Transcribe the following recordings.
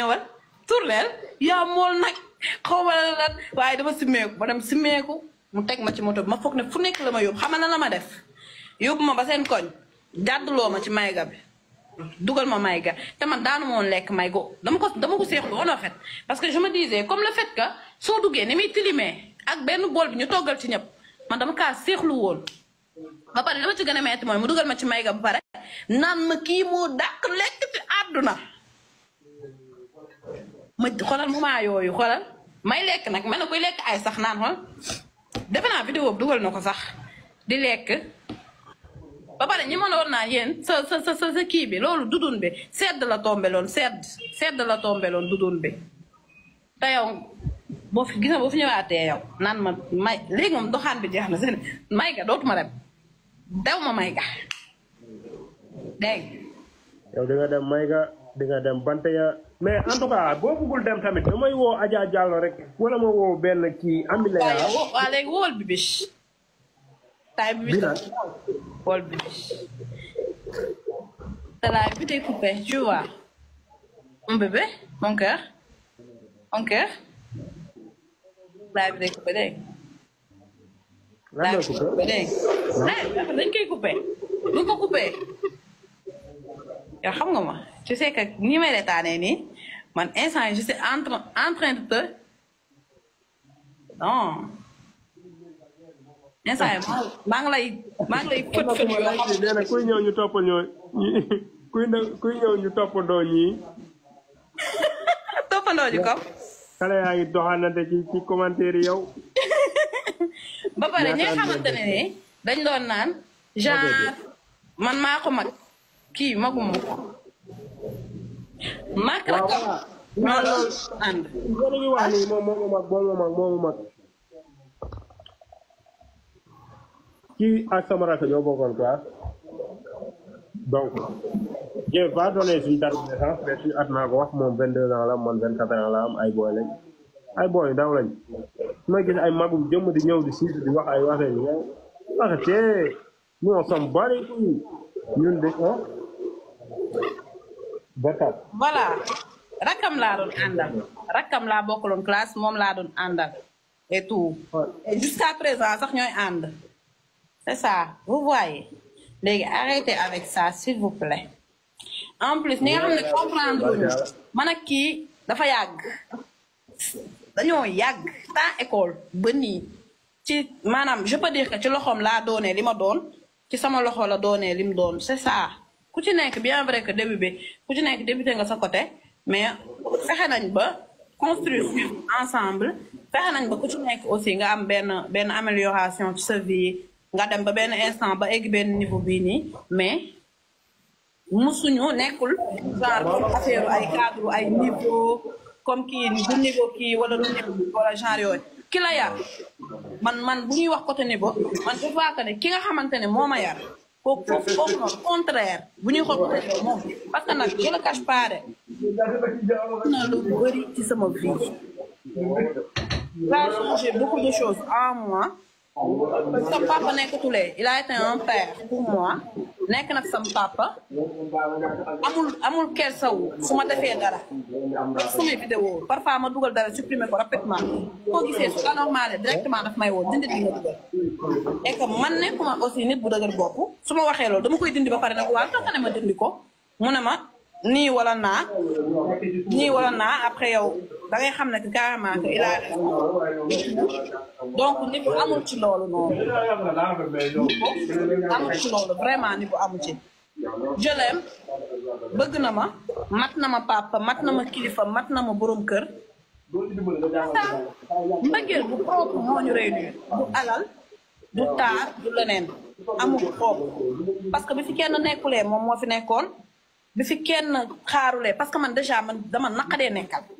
ñëwal tourneel yaa mool nag xaw ma la lan waaye dama simmeeku ba dem simmeeku mu teg ma ci moto bi ma foog ne fu nekk la ma yóbbu xamal na la ma def yóbbu ma ba seen koñ jàdduloo ma ci mayga bi dugal ma mayga te man daanu ma woon lekk may go dama ko dama ko seexlu woon en fait parce que je me disais comme la fait ka soo duggee ni muy tilimee ak benn bool bi ñu toggal ci ñëpp man dama kaa seexlu woon. ba pare dama ci gën a metti mooy mu dugal ma ci mayga ba pare naan ma kii moo dàq lekk ci àdduna. ma xoolal moment yooyu xoolal may lekk nag mel na kuy lekk ay sax naan xool defe naa vidéo bi dugal na ko sax di lekk ba pare ñi mën woon naa yéen sa sa sa sa kii bi loolu dudun bi sedd la tombeloon sedd sedd la tombeloon dudun bi te yow boo fi gis nga boo fi ñëwaatee yow naan ma may léegi moom doxaan bi jeex na seen may ga dootuma dem daw ma may ga dégg yow da nga dem may ga di dem bante ya mais en tout cas boo bëggul dem tamit damay woo Adja Diallo rek wala ma woo benn kii Amina. waaw waaw léegi wool bi bich. taay bi bich wool bi bich. salaay bi tey coupé tu vois. mon bébé mon cœur mon cœur. salaay bi tey coupé dégg nga. lan la coupé dégg nga. Eh, dañ koy coupé bu ko coupé. yow xam nga ma je sais que ni may nii man instant je suis en train en train instant yi maa ngi lay maa lay fët fët yoo xam kuy ñëw ñu toppandoo ñi kuy kuy ñëw ñu toppandoo ñii toppandoo ji ko xale yaa ngi doxalante ci ci commentaire yow ba pare ñi nga ne ni dañ doon naan genre man maa mag kii magu ma ko. mag la ko. non non ànd. loolu li wax nii moom moomu mag moomu mag moomu mag. kii ak sama ñoo bokkoon classe. donc. je vais donner suñu date de naissance mais at naa wax moom 22 ans la man 24 ans la ay booy lañ. ay booy ndaw may gis ay magum jëmm di ñëw di siit di wax ay waxee yi waxatee ñoo som bari ñun de voilà Rakam la don andal. Rakam la bokkaloon classe mom la don andal. et tout et jusqu'à présent sax ñoy ànd c'est ça vous voyez léegi arrêtez avec ça s'il vous plaît en plus ñi nga ne comprendre Manaki man ak kii dafa yag. dañoo yag ta école ba ci manam je peux dire que ci loxom la donné li ma doon ci sama loxo la donné lim don. c'est ça ku ci nekk bien vrai que début bi ku ci nekk débuté nga sa côté mais fexe nañ ba construire ensemble fexe nañ ba ku ci nekk aussi nga am benn benn amélioration ci sa vie nga dem ba benn instant ba egg benn niveau bii nii mais musuñu nekkul genre affaire ay cadre ay niveau comme kii du niveau kii wala du niveau genre yooyu ki la yar man man bu ñuy wax côté niveau man je que ki nga xamante ne moo ma kooku foofu foofu noonu contraire bu ñuy xool peut-être na lu bëri ci sama vie. Là, j'ai beaucoup de choses en moi. parce que sama papa nekkatulee il a été un père pour moi nekk nag sama amul amul kersawu su ma defee dara def samay vidéo parfois ma dugal dara supprimer ko rapidement koo gisee su anormale directement daf may woo dindi di nga dugal et que man nekkuma aussi nit bu dëgër bopp su ma waxee loolu dama koy dindi ba pare nag waa tax ne ma dindi ko mu ne ma nii walla naa nii wala naa après yow da xam ne carrément que il a donc ni bu amul ci loolu noonu amul ci loolu vraiment ni bu amul ci jëleem bëgg na ma mat na ma papa mat na ma kilifa mat na ma borom kër mbëggeel bu propre moo ñu réunir du alal du taar du leneen amul propre parce que bi fi kenn nekkulee moom moo fi nekkoon bi fi kenn xaarulee parce que man déjà man dama naqadee nekkal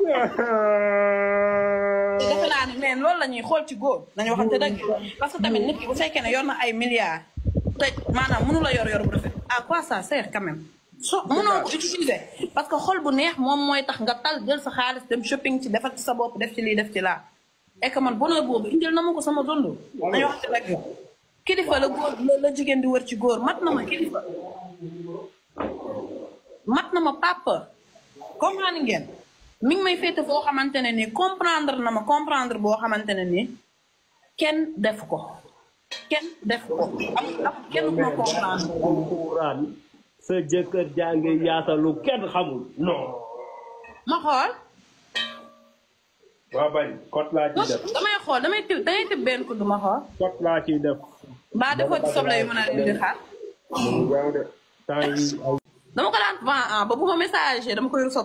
te defe naa ne mais loolu la ñuy xool ci góor nañu waxante dëgg parce que tamit nit ki bu fekkee ne yor na ay milliards te maanaam mënu la yor yor bu rafet à quoi ça sert quand même so mënoo ko utiliser parce que xool bu neex moom mooy tax nga tal jël sa xaalis dem shopping ci defal ci sa bopp def ci lii def ci laa et que man bonheur boobu indil na ma ko sama dund nañu waxante dëgg kilifa la góor la jigéen di wër ci góor mat na ma kilifa mat na ma papa comprendre ngeen mi ngi may féete boo xamante ne ni comprendre na ma comprendre boo xamante ne ni kenn def ko kenn def ko am am kenn ku ma comprendre alquran sa jëkkër jaa ngi kenn xamul non ma xool waa bañ damay xool damay tib benn ku duma xool kot laa ciy def mbaa defoo ci di xaar dama ko daan vent ah, ah ba bu ma message dama koy sa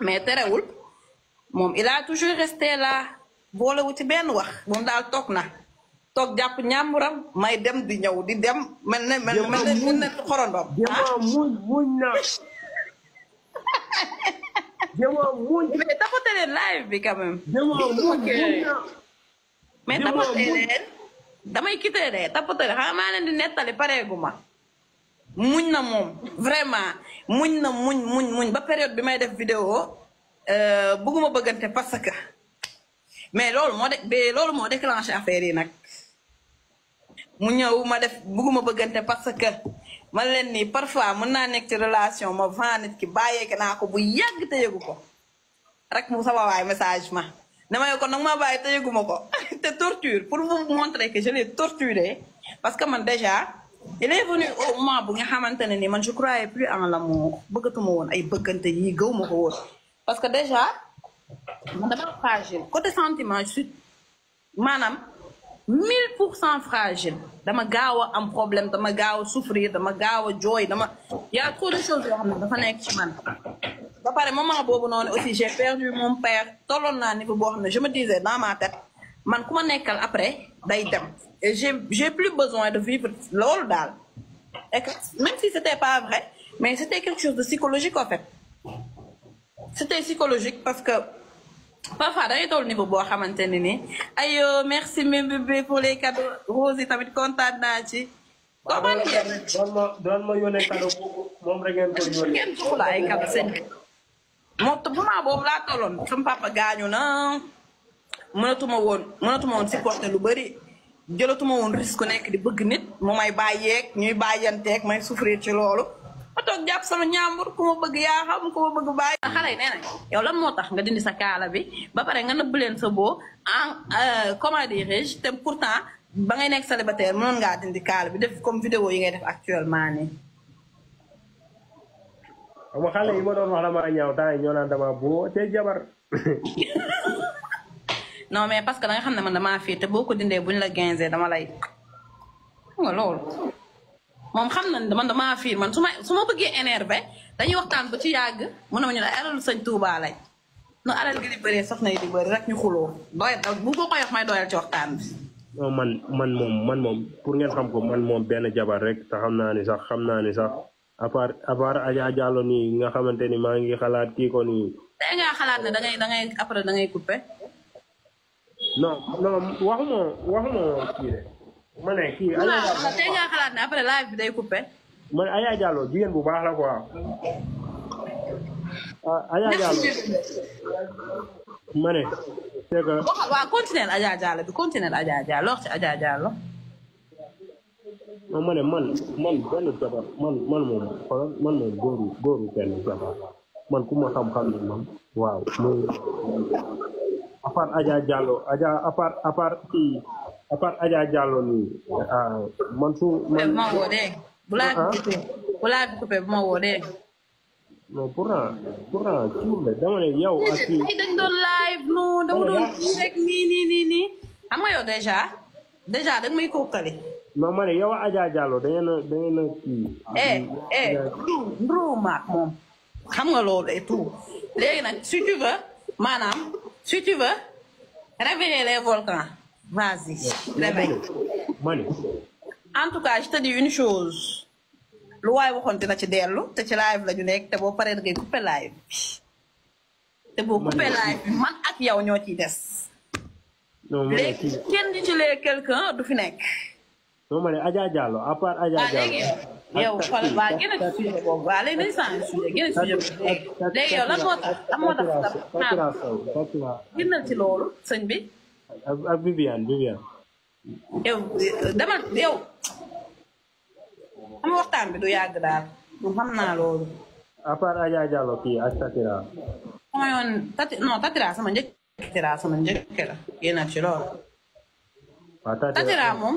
mais terewul moom il a toujours resté là boolewu ci benn wax moom daal toog na toog jàpp ñàmburam may dem di ñëw di dem mel ne mel ne xorondom ah muñ muñ na Jéema muñ. mais bi quand même. Jéema muñ mais tapate damay quitté de tapate leen xam di nettali pareegu ma. muñna mom vraiment muñna muñ muñ muñ ba période bi may def vidéo euh, bëgguma bëggante parce que mais loolu mo dé loolu mo déclencher affaire yi nak mu ñëw ma def buguma bëggante parce que man leen ni parfois mën naa nekk ci relation ma vent nit ki bàyyeeke naa ko bu yàgg te yëgu ko rek mu sama waay message ma damay ko nag ma bàyyi te yëguma ko te torture pour vous montrer que je l'ai torturé parce que man déjà il est venu au moment où je croyais plus en l'amour parce que déjà je suis fragile côté sentiment je suis fragile dama suis un problème dama suis souffrir dama suis joy il y a trop de choses de j'ai perdu mon père je me disais dans ma tête man après et j'ai j'ai plus besoin de vivre loolu même si c'était pas vrai mais c'était quelque chose de psychologique en fait c'était psychologique parce que Papa, d'ailleurs au niveau comment ne merci mes bébés pour les cadeaux Rose tamit ah, cadeau papa mënatuma woon mënatuma woon supporter lu bëri jëlatuma woon risque nekk di bëgg nit mu bayek bàyyeeg ñuy bàyyanteeg may souffrir ci loolu ma toog sama ñaambur ku ma bëgg ya xam ku ma bëgg bàyyi. xale yi nee na yow lan moo nga dindi sa kaala bi ba pare nga nëbb leen sa boo en euh, comment dirais-je te pourtant ba ngay nekk célibataire dindi bi def comme vidéo yi ngay def actuellement nii. xam nga yi ma doon wax damaa ñaaw temps ñoo dama jabar. non mais parce que da nga xam ne man damaa fii te boo ko dindee buñ la ginzee dama lay xam nga loolu moom xam na man damaa fii man su ma su ma bëggee énervé dañuy waxtaan ba ci yàgg mu ne ma ñu ne alalu sëñ Touba lañ nu alal gi di soxna yi di bëri rek ñu xuloo doyal bu ko koy wax may doyal ci waxtaan non man man mom, man mom, pour ngeen xam ko man mom, benn jabar rek te xam naa ni sax xam naa ni sax à part à part Adja Diallo nii nga xamante ni maa ngi xalaat kii ko nii. tey ngaa xalaat da ngay da ngay après da ngay coupé. non non waxuma waxuma kii de ma ne kii. Ayda tey nga xalaat ne après live bi day coupé. ma ne jigéen bu baax la quoi. ah Aya Diallo ma ne. c'est que bi continuer Adja Diallo ci Adja Diallo. non ne man man benn jabar man man moom xoolal benn jabar man ku ma xam-xam man waaw. à part Adja Diallo Adja à part à part man su man. ma bu laa bu coupé bu ma woo de. Ah? non pourtant pourtant suul dama ne yow. ak kii dañ doon live non dama doon kii rek nii nii nii nii. xam nga yow dèjà may kókkale. non ma ne yow Adja Diallo da ngeen a da ngeen a eh, eh, maak moom xam nga loolu et tout léegi nag si tu veux Si tu veux, réveiller les volcans. Vas-y, réveille. En tout cas, je te dis une chose. lu vous waxoon dina ci dellu te ci live la ñu nekk te boo paree da live C'est pour couper la live bi man ak yow ñoo ciy des léegi kenn di dit quelqu'un du fi non ma ne Adja Diallo à part Adja Diallo. yow xoolal waa gën a suñu boobu waa léegi nañu a suñu léegi yow lan moo tax lan moo tax Fatou Fatou bi. ak ak du yàgg daal mu xam naa loolu. à part Adja Diallo kii ak Tatira. sama yoon Tati non Tatira sama la Tatira moom.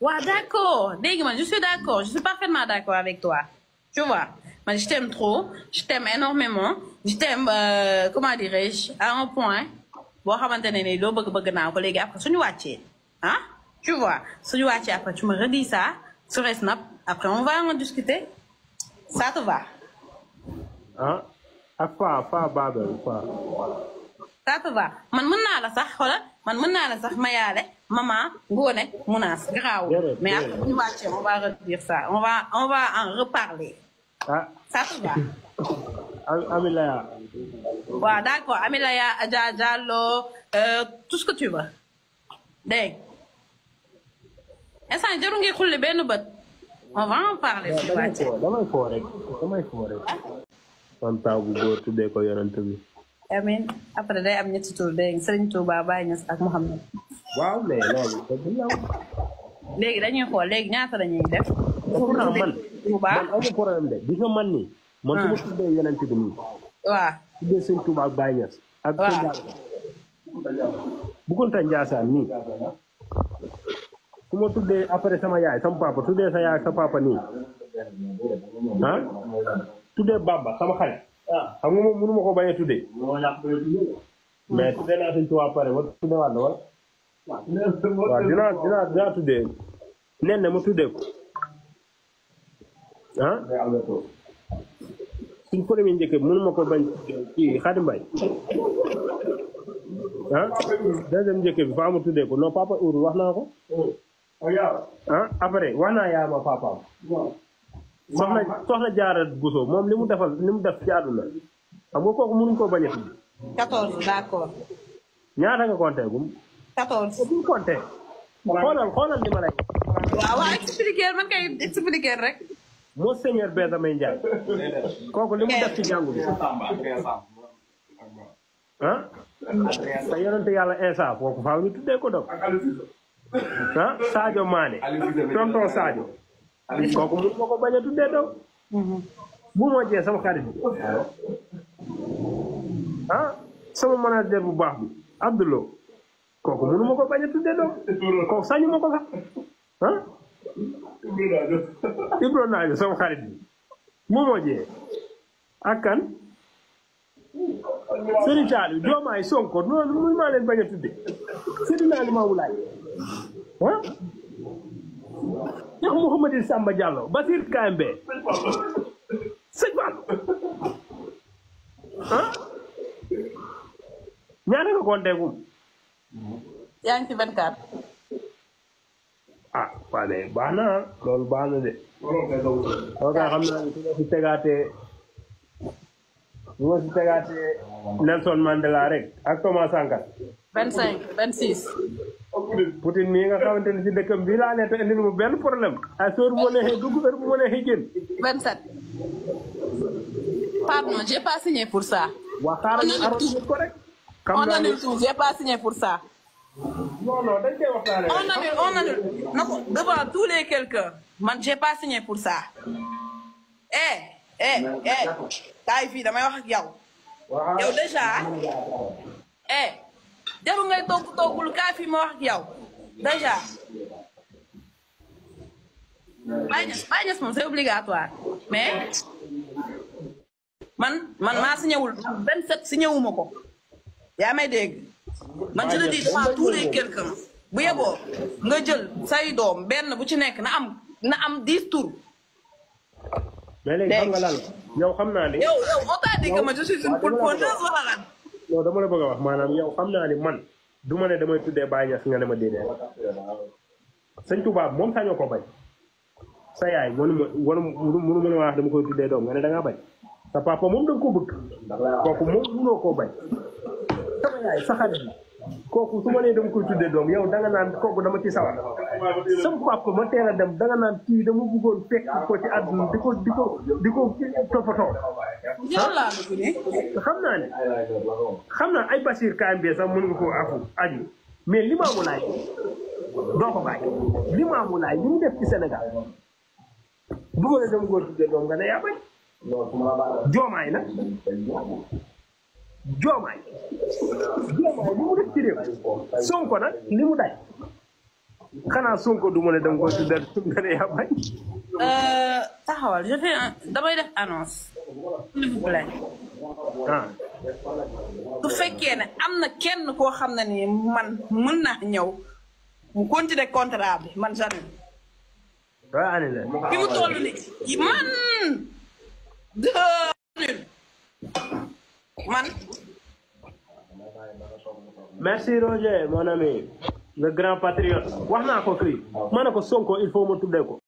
Ouais, d'accord. je suis d'accord. Je suis parfaitement d'accord avec toi. Tu vois, mais je t'aime trop. Je t'aime énormément. Je t'aime, euh, comment dirais-je, à un point. Bon, après, tu nous Hein? Tu vois, si tu après, tu me redis ça sur Snap. Après, on va en discuter. Ça te va? Hein? À quoi? À quoi, Babel? Ça te va? Man, maintenant la, ça, voilà man sax maman mais on va ça on va on va en reparler ah. ça te va Amilaya d'accord Amilaya Adja Diallo euh, tout ce que tu veux dégg instant ngi xulli on va en parler damay amiin après day am ñetti tur dégg nga Serigne Touba Baye Niass ak Mouhamed. waaw mais loolu léegi dañuy xool léegi ñaata lañuy def. pour man man amul problème de gis nga man nii. man su ma tuddee yonent bi nii. waaw tuddee Serigne Touba ak Baye Niass. ak Boukounta Ndiassane nii. su ma tuddee après sama yaay sama papa tuddee sa yaay sa papa nii. ah tuddee Baba sama xarit. xam nga moom mënu ma ko bañ a tuddee. mais tuddee naa sëñ Tuubaa pare ba tuddee waat la wala. waaw dinaa dinaa dinaa nen ne ma tuddee ko. ah. suñ premier njëkk bi mënu ma ko bañ ci Xaadim Mbaye. ah deuxième njëkk bi faa ma tuddee ko non papa Oudou wax naa ko. Oh, oh, ah après wax naa yaa ma papaam. soxna soxna jaara Bousso moom li mu defal li mu def ci àdduna xam kooku mënuñ koo bañ a ñaata nga compté gum. 14 bu ñu compté. xoolal xoolal ma lay. waaw waaw expliquer kay expliquer rek. monseigneur Benjamin Ndiaye. kooku li mu def ci jàngu ah. te yàlla insa kooku faaw ñu tuddee ko dog ah Sadio Mané tonton Sadio. kooku mu ma ko bañ a tuddee doom mm-hmm. bu moo jee sama xarit bi ah sama manager bu baax bi Abdoulo kooku mënu ma ko bañ a tuddee doom kooku sañu ma ko sax ah Ibro Naajo sama xarit bi bu moo jee ak kan Serigne Thial Diomaye Sonko noonu muy maa leen Cheikh Mouhamadou Samba Diallo yaa ngi ci 24. ah waa mais loolu baax de. loolu kay xam naa ne si tegaatee su si tegaatee Nelson Mandela rek ak Thomas Sankara. 25 26. Poutine mii nga xamante ne si dëkkam bii laa ne te indil mu benn problème. à soeur bu ma neexee dugg heure bu ma neexee génn. 27. pardon j'ai pas signé pour ça. waa xaaral ñu arrosé ko rek. xam naa ne on annule pour ça. non non dañ koy waxtaanee. on annule on annule tous les quelqu'un man j'ai pas signé pour ça. eh eh eh. taay fii damay wax ak yow. yow déjà eh. jarul ngay togg toggul kaa fi ma wax ak yow déjà Baye Niass moom c'est obligatoire mais man man maa si ñëwul 27 si ñëwuma ko yaa may dégg man je le dis devant tous les quelqu'un bu yeboo nga jël say doom benn bu ci nekk na am na am 10 tours. mais léegi xam nga ma je suis une poule pondeuse wala lan. non dama la bëgg a wax maanaam yow xam naa ni man du ma ne damay tuddee Baye Niass nga ne ma déedéet sëñ Touba moom sañoo ko bañ sa yaay mënu ma wala mënu ma ne da ngaa bañ sa moom da nga ko bëgg kooku koo bañ sama yaay su ma nee dama koy tuddee doom yow da nga naan kooku dama ci sawar sama papa ma teel dem da nga naan kii dama bëggoon fekk ko ci àdduna di ko di ko di ko toppatoo xam naa ne xam naa ay Bachir KMB sax mën nga koo afu aju mais Limamou Laye doo ko bàyyi Limamou Laye li mu def ci Sénégal dugal na sama góor gi doom nga ne yaa bañ joomaay nag joomaay joomaay li mu def ci réew Sonko nag li mu xanaa Sonko du ma ne dama ko tuddee nga ne yaa bañ euh, taxawal je fais damay def annonce Ah. su fekkee na am na kenn koo xam ne nii man mën naa ñëw mu continuer contrat bi man Janib. waaw mu toll man. merci Roger mon ami. le grand patriote wax naa ko kii ma ne ko Sonko il faut ma tuddee ko.